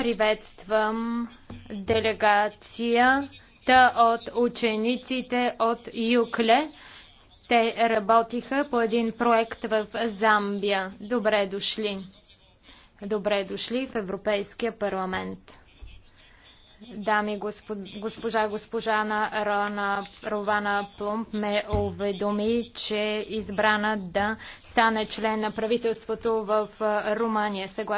Приветствам делегацията от учениците от Юкле. Те работиха по един проект в Замбия. Добре дошли! Добре дошли в Европейския парламент. Дами господ... госпожа госпожана Рона Рована Плумп ме уведоми, че е избрана да стане член на правителството в Румъния, съгласно